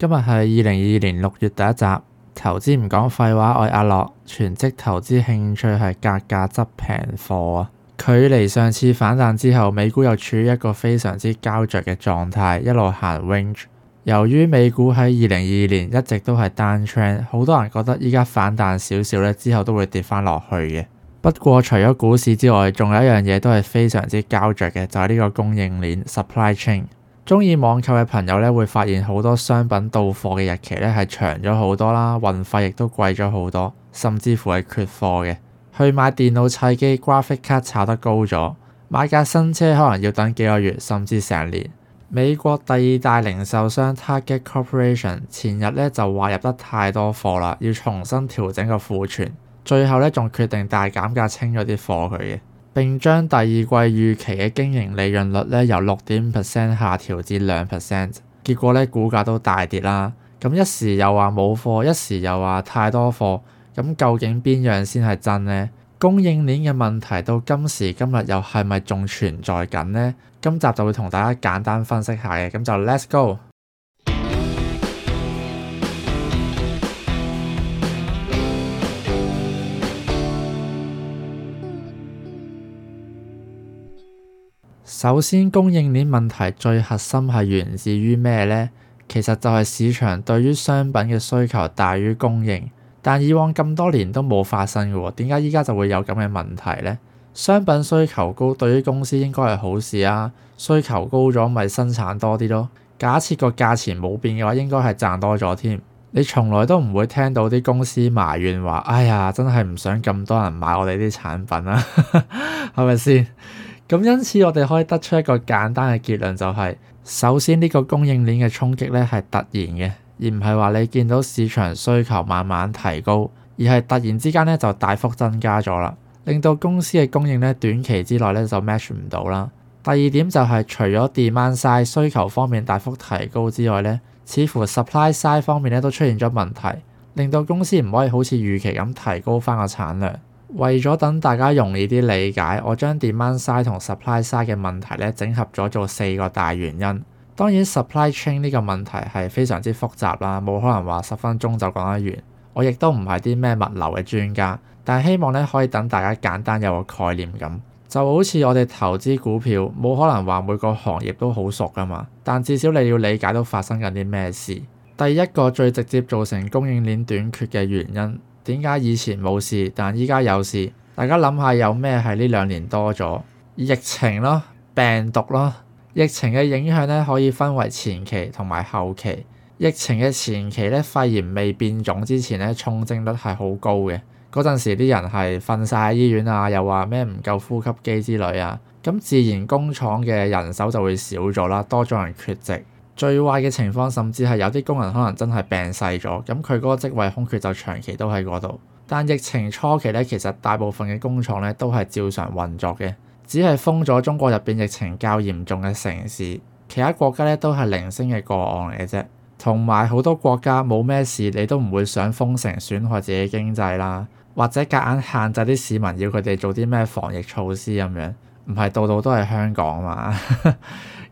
今日係二零二二年六月第一集，投資唔講廢話，我係阿樂，全職投資興趣係格價執平貨啊！距離上次反彈之後，美股又處於一個非常之膠着嘅狀態，一路行 range。由於美股喺二零二二年一直都係 down trend，好多人覺得依家反彈少少咧，之後都會跌翻落去嘅。不過除咗股市之外，仲有一樣嘢都係非常之膠着嘅，就係呢個供應鏈 supply chain。中意網購嘅朋友咧，會發現好多商品到貨嘅日期咧係長咗好多啦，運費亦都貴咗好多，甚至乎係缺貨嘅。去買電腦砌機，graphic card 炒得高咗，買架新車可能要等幾個月，甚至成年。美國第二大零售商 Target Corporation 前日咧就話入得太多貨啦，要重新調整個庫存，最後咧仲決定大減價清咗啲貨佢嘅。並將第二季預期嘅經營利潤率咧由六點五 percent 下調至兩 percent，結果咧股價都大跌啦。咁一時又話冇貨，一時又話太多貨，咁究竟邊樣先係真呢？供應鏈嘅問題到今時今日又係咪仲存在緊呢？今集就會同大家簡單分析下嘅，咁就 Let's go。首先，供應鏈問題最核心係源自於咩呢？其實就係市場對於商品嘅需求大於供應，但以往咁多年都冇發生嘅喎，點解依家就會有咁嘅問題呢？商品需求高對於公司應該係好事啊，需求高咗咪生產多啲咯。假設個價錢冇變嘅話，應該係賺多咗添。你從來都唔會聽到啲公司埋怨話：哎呀，真係唔想咁多人買我哋啲產品啦，啊，係咪先？咁因此，我哋可以得出一個簡單嘅結論，就係，就係首先呢個供應鏈嘅衝擊咧係突然嘅，而唔係話你見到市場需求慢慢提高，而係突然之間咧就大幅增加咗啦，令到公司嘅供應咧短期之內咧就 match 唔到啦。第二點就係除咗 demand side 需求方面大幅提高之外咧，似乎 supply side 方面咧都出現咗問題，令到公司唔可以好似預期咁提高返個產量。為咗等大家容易啲理解，我將 demand side 同 supply side 嘅問題咧整合咗做四個大原因。當然，supply chain 呢個問題係非常之複雜啦，冇可能話十分鐘就講得完。我亦都唔係啲咩物流嘅專家，但係希望咧可以等大家簡單有個概念咁。就好似我哋投資股票，冇可能話每個行業都好熟噶嘛，但至少你要理解到發生緊啲咩事。第一個最直接造成供應鏈短缺嘅原因。點解以前冇事，但依家有事？大家諗下有咩係呢兩年多咗？疫情咯，病毒咯。疫情嘅影響咧，可以分為前期同埋後期。疫情嘅前期咧，肺炎未變種之前咧，重症率係好高嘅。嗰陣時啲人係瞓晒喺醫院啊，又話咩唔夠呼吸機之類啊。咁自然工廠嘅人手就會少咗啦，多咗人缺席。最壞嘅情況，甚至係有啲工人可能真係病逝咗，咁佢嗰個職位空缺就長期都喺嗰度。但疫情初期咧，其實大部分嘅工廠咧都係照常運作嘅，只係封咗中國入邊疫情較嚴重嘅城市，其他國家咧都係零星嘅個案嚟啫。同埋好多國家冇咩事，你都唔會想封城損害自己經濟啦，或者夾硬限制啲市民要佢哋做啲咩防疫措施咁樣，唔係度度都係香港嘛。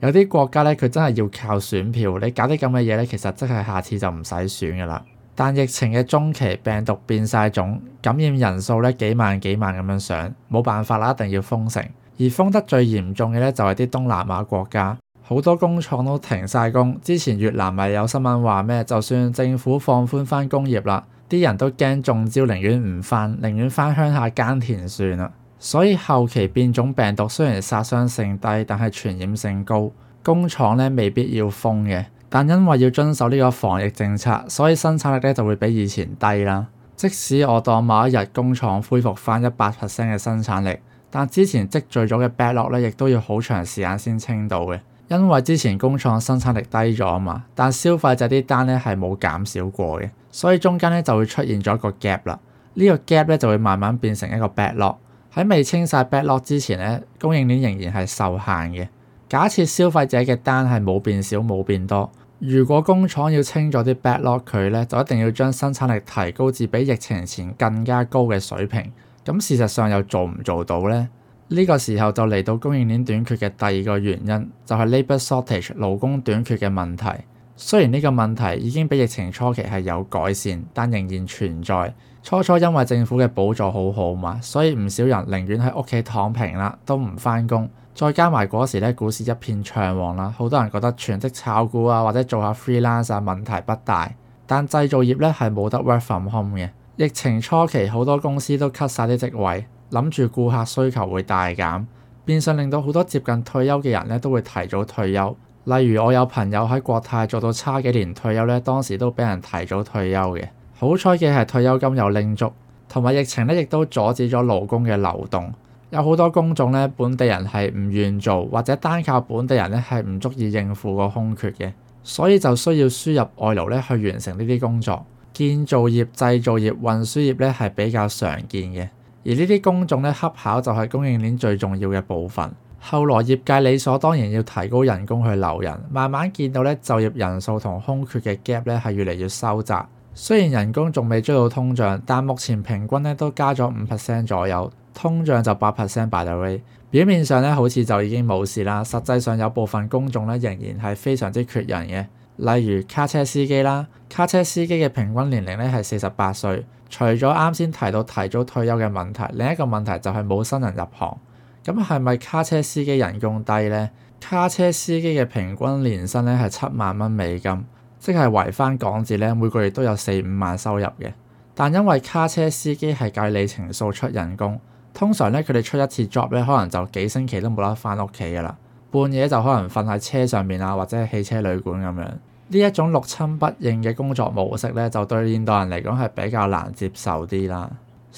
有啲國家咧，佢真係要靠選票。你搞啲咁嘅嘢咧，其實真係下次就唔使選噶啦。但疫情嘅中期病毒變晒種，感染人數咧幾萬幾萬咁樣上，冇辦法啦，一定要封城。而封得最嚴重嘅咧就係啲東南亞國家，好多工廠都停晒工。之前越南咪有新聞話咩？就算政府放寬翻工業啦，啲人都驚中招，寧願唔返，寧願返鄉下耕田算啦。所以後期變種病毒雖然殺傷性低，但係傳染性高，工廠咧未必要封嘅，但因為要遵守呢個防疫政策，所以生產力咧就會比以前低啦。即使我當某一日工廠恢復翻一百 percent 嘅生產力，但之前積聚咗嘅 backlog 咧，亦都要好長時間先清到嘅，因為之前工廠生產力低咗啊嘛，但消費者啲單咧係冇減少過嘅，所以中間咧就會出現咗一個 gap 啦。呢個 gap 咧就會慢慢變成一個 backlog。喺未清晒 backlog 之前咧，供應鏈仍然係受限嘅。假設消費者嘅單係冇變少冇變多，如果工廠要清咗啲 backlog，佢咧就一定要將生產力提高至比疫情前更加高嘅水平。咁事實上又做唔做到咧？呢個時候就嚟到供應鏈短缺嘅第二個原因，就係 labour shortage 勞工短缺嘅問題。雖然呢個問題已經比疫情初期係有改善，但仍然存在。初初因為政府嘅補助好好嘛，所以唔少人寧願喺屋企躺平啦，都唔翻工。再加埋嗰時咧，股市一片暢旺啦，好多人覺得全職炒股啊或者做下 freelance 啊，問題不大，但製造業咧係冇得 work from home 嘅。疫情初期好多公司都 cut 晒啲職位，諗住顧客需求會大減，變相令到好多接近退休嘅人咧都會提早退休。例如我有朋友喺國泰做到差幾年退休咧，當時都俾人提早退休嘅。好彩嘅係退休金又拎足，同埋疫情咧亦都阻止咗勞工嘅流動。有好多工種咧，本地人係唔願做，或者單靠本地人咧係唔足以應付個空缺嘅，所以就需要輸入外勞咧去完成呢啲工作。建造業、製造業、運輸業咧係比較常見嘅，而呢啲工種咧恰巧就係供應鏈最重要嘅部分。後來業界理所當然要提高人工去留人，慢慢見到咧就業人數同空缺嘅 gap 咧係越嚟越收窄。雖然人工仲未追到通脹，但目前平均咧都加咗五 percent 左右，通脹就八 percent by the way。表面上咧好似就已經冇事啦，實際上有部分工種咧仍然係非常之缺人嘅，例如卡車司機啦。卡車司機嘅平均年齡咧係四十八歲，除咗啱先提到提早退休嘅問題，另一個問題就係冇新人入行。咁係咪卡車司機人工低呢？卡車司機嘅平均年薪咧係七萬蚊美金，即係維翻港紙咧每個月都有四五萬收入嘅。但因為卡車司機係計里程數出人工，通常咧佢哋出一次 job 咧可能就幾星期都冇得翻屋企噶啦，半夜就可能瞓喺車上面啊或者係汽車旅館咁樣。呢一種六親不認嘅工作模式咧，就對現代人嚟講係比較難接受啲啦。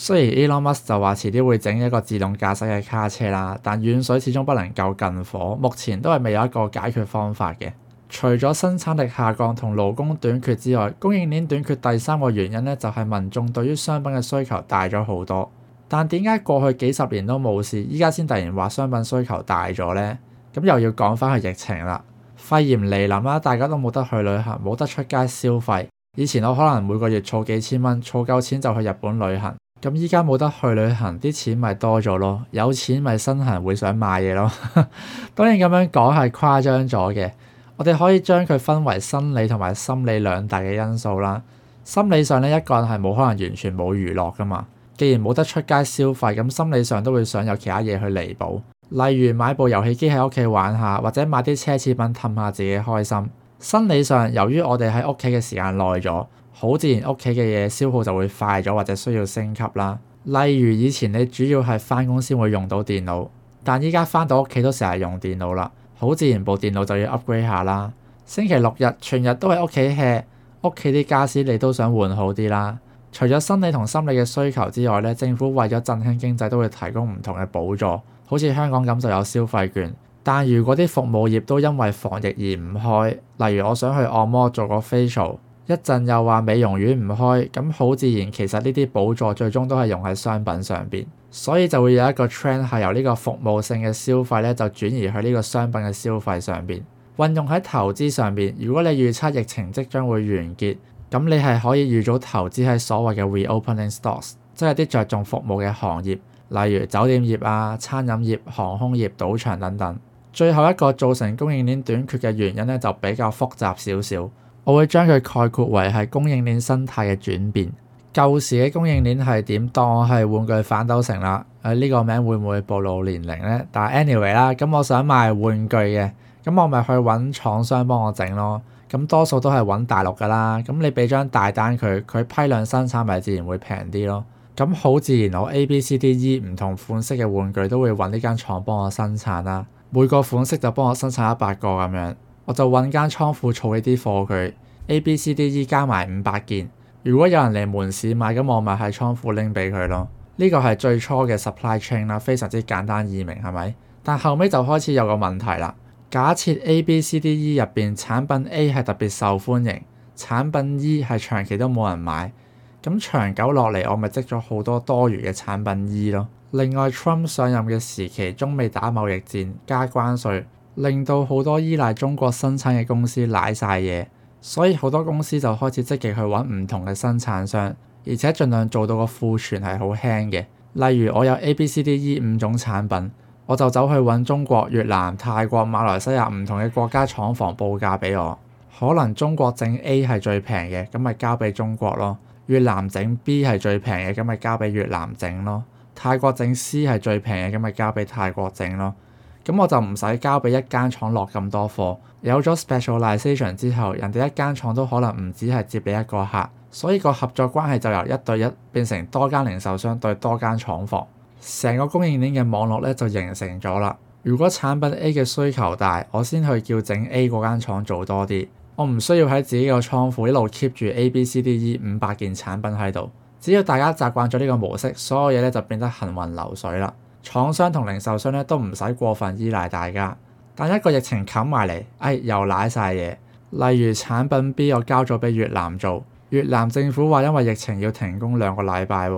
雖然 Elon Musk 就話遲啲會整一個自動駕駛嘅卡車啦，但遠水始終不能夠近火，目前都係未有一個解決方法嘅。除咗生產力下降同勞工短缺之外，供應鏈短缺第三個原因咧就係民眾對於商品嘅需求大咗好多。但點解過去幾十年都冇事，依家先突然話商品需求大咗呢？咁又要講翻去疫情啦，肺炎嚟臨啦，大家都冇得去旅行，冇得出街消費。以前我可能每個月儲幾千蚊，儲夠錢就去日本旅行。咁依家冇得去旅行，啲錢咪多咗咯。有錢咪身痕會想買嘢咯。 當然咁樣講係誇張咗嘅。我哋可以將佢分為生理同埋心理兩大嘅因素啦。心理上咧，一個人係冇可能完全冇娛樂噶嘛。既然冇得出街消費，咁心理上都會想有其他嘢去彌補，例如買部遊戲機喺屋企玩下，或者買啲奢侈品氹下自己開心。生理上，由於我哋喺屋企嘅時間耐咗。好自然，屋企嘅嘢消耗就會快咗，或者需要升級啦。例如以前你主要係返工先會用到電腦，但依家返到屋企都成日用電腦啦，好自然部電腦就要 upgrade 下啦。星期六日全日都喺屋企吃，屋企啲傢俬你都想換好啲啦。除咗生理同心理嘅需求之外咧，政府為咗振興經濟都會提供唔同嘅補助，好似香港咁就有消費券。但如果啲服務業都因為防疫而唔開，例如我想去按摩做個 facial。一陣又話美容院唔開，咁好自然，其實呢啲補助最終都係用喺商品上邊，所以就會有一個 trend 係由呢個服務性嘅消費咧，就轉移去呢個商品嘅消費上邊，運用喺投資上邊。如果你預測疫情即將會完結，咁你係可以預早投資喺所謂嘅 reopening stocks，即係啲着重服務嘅行業，例如酒店業啊、餐飲業、航空業、賭場等等。最後一個造成供應鏈短缺嘅原因咧，就比較複雜少少。我會將佢概括為係供應鏈生態嘅轉變。舊時嘅供應鏈係點？當我係玩具反斗城啦，誒、呃、呢、呢個名會唔會暴露年齡咧？但係 anyway 啦，咁我想賣玩具嘅，咁我咪去揾廠商幫我整咯。咁多數都係揾大陸噶啦。咁你俾張大單佢，佢批量生產咪自然會平啲咯。咁好自然，我 A、B、C、D、E 唔同款式嘅玩具都會揾呢間廠幫我生產啦。每個款式就幫我生產一百個咁樣。我就揾間倉庫儲呢啲貨，佢 A、B、C、D、E 加埋五百件。如果有人嚟門市買，咁我咪喺倉庫拎俾佢咯。呢個係最初嘅 supply chain 啦，非常之簡單易明，係咪？但後尾就開始有個問題啦。假設 A、B、C、D、E 入邊產品 A 係特別受歡迎，產品 E 係長期都冇人買，咁長久落嚟我咪積咗好多多餘嘅產品 E 咯。另外，Trump 上任嘅時期，中美打貿易戰，加關稅。令到好多依賴中國生產嘅公司賴晒嘢，所以好多公司就開始積極去揾唔同嘅生產商，而且盡量做到個庫存係好輕嘅。例如我有 A、B、C、D、E 五種產品，我就走去揾中國、越南、泰國、馬來西亞唔同嘅國家廠房報價俾我。可能中國整 A 係最平嘅，咁咪交俾中國咯；越南整 B 係最平嘅，咁咪交俾越南整咯；泰國整 C 係最平嘅，咁咪交俾泰國整咯。咁我就唔使交俾一間廠落咁多貨。有咗 specialization 之後，人哋一間廠都可能唔止係接你一個客，所以個合作關係就由一對一變成多間零售商對多間廠房，成個供應鏈嘅網絡咧就形成咗啦。如果產品 A 嘅需求大，我先去叫整 A 嗰間廠做多啲，我唔需要喺自己個倉庫一路 keep 住 A、B、C、D、E 五百件產品喺度。只要大家習慣咗呢個模式，所有嘢咧就變得行雲流水啦。廠商同零售商咧都唔使過分依賴大家，但一個疫情冚埋嚟，哎，又賴晒嘢。例如產品 B，我交咗俾越南做，越南政府話因為疫情要停工兩個禮拜。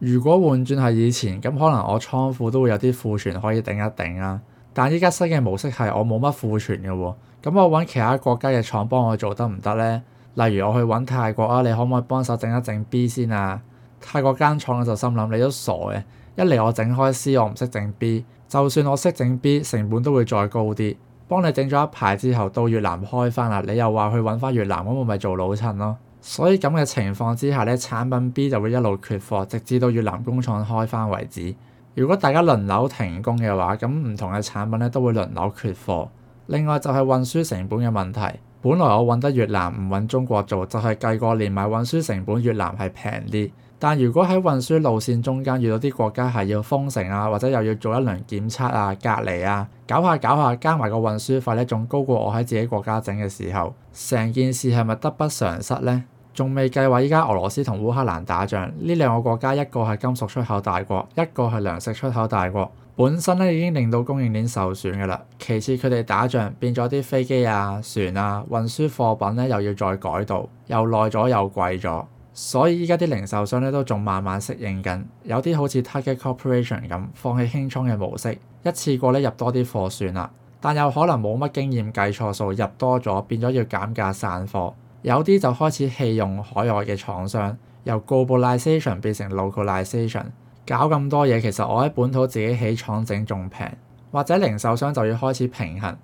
如果換轉係以前，咁可能我倉庫都會有啲庫存可以頂一頂啊。但依家新嘅模式係我冇乜庫存嘅喎，咁我揾其他國家嘅廠幫我做得唔得呢？例如我去揾泰國啊，你可唔可以幫手整一整 B 先啊？泰國間廠我就心諗你都傻嘅。一嚟我整開 C，我唔識整 B，就算我識整 B，成本都會再高啲。幫你整咗一排之後，到越南開翻啦，你又話去揾翻越南，咁我咪做老襯咯。所以咁嘅情況之下咧，產品 B 就會一路缺貨，直至到越南工廠開翻為止。如果大家輪流停工嘅話，咁唔同嘅產品咧都會輪流缺貨。另外就係運輸成本嘅問題，本來我揾得越南唔揾中國做，就係、是、計過連埋運輸成本，越南係平啲。但如果喺運輸路線中間遇到啲國家係要封城啊，或者又要做一輪檢測啊、隔離啊，搞下搞下加埋個運輸費咧，仲高過我喺自己國家整嘅時候，成件事係咪得不償失咧？仲未計話依家俄羅斯同烏克蘭打仗，呢兩個國家一個係金屬出口大國，一個係糧食出口大國，本身咧已經令到供應鏈受損嘅啦。其次佢哋打仗變咗啲飛機啊、船啊，運輸貨品咧又要再改道，又耐咗又貴咗。所以依家啲零售商咧都仲慢慢適應緊，有啲好似 Target Corporation 咁放棄輕倉嘅模式，一次過咧入多啲貨算啦。但又可能冇乜經驗計錯數，入多咗變咗要減價散貨。有啲就開始棄用海外嘅廠商，由 globalisation 變成 localization。搞咁多嘢。其實我喺本土自己起廠整仲平，或者零售商就要開始平衡，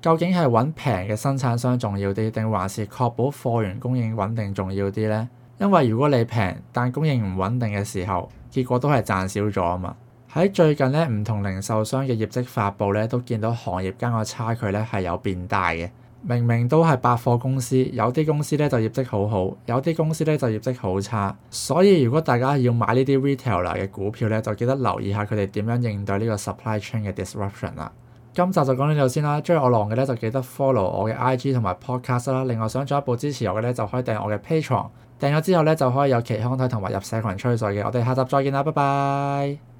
究竟係揾平嘅生產商重要啲，定還是確保貨源供應穩定重要啲呢？因為如果你平但供應唔穩定嘅時候，結果都係賺少咗啊嘛。喺最近咧，唔同零售商嘅業績發布咧，都見到行業間嘅差距咧係有變大嘅。明明都係百貨公司，有啲公司咧就業績好好，有啲公司咧就業績好差。所以如果大家要買呢啲 retailer 嘅股票咧，就記得留意下佢哋點樣應對呢個 supply chain 嘅 disruption 啦。今集就講到呢度先啦。中意我浪嘅咧就記得 follow 我嘅 IG 同埋 podcast 啦。另外想進一步支持我嘅咧就可以訂我嘅 Patreon。訂咗之後咧就可以有期刊睇同埋入社群吹水嘅。我哋下集再見啦，拜拜。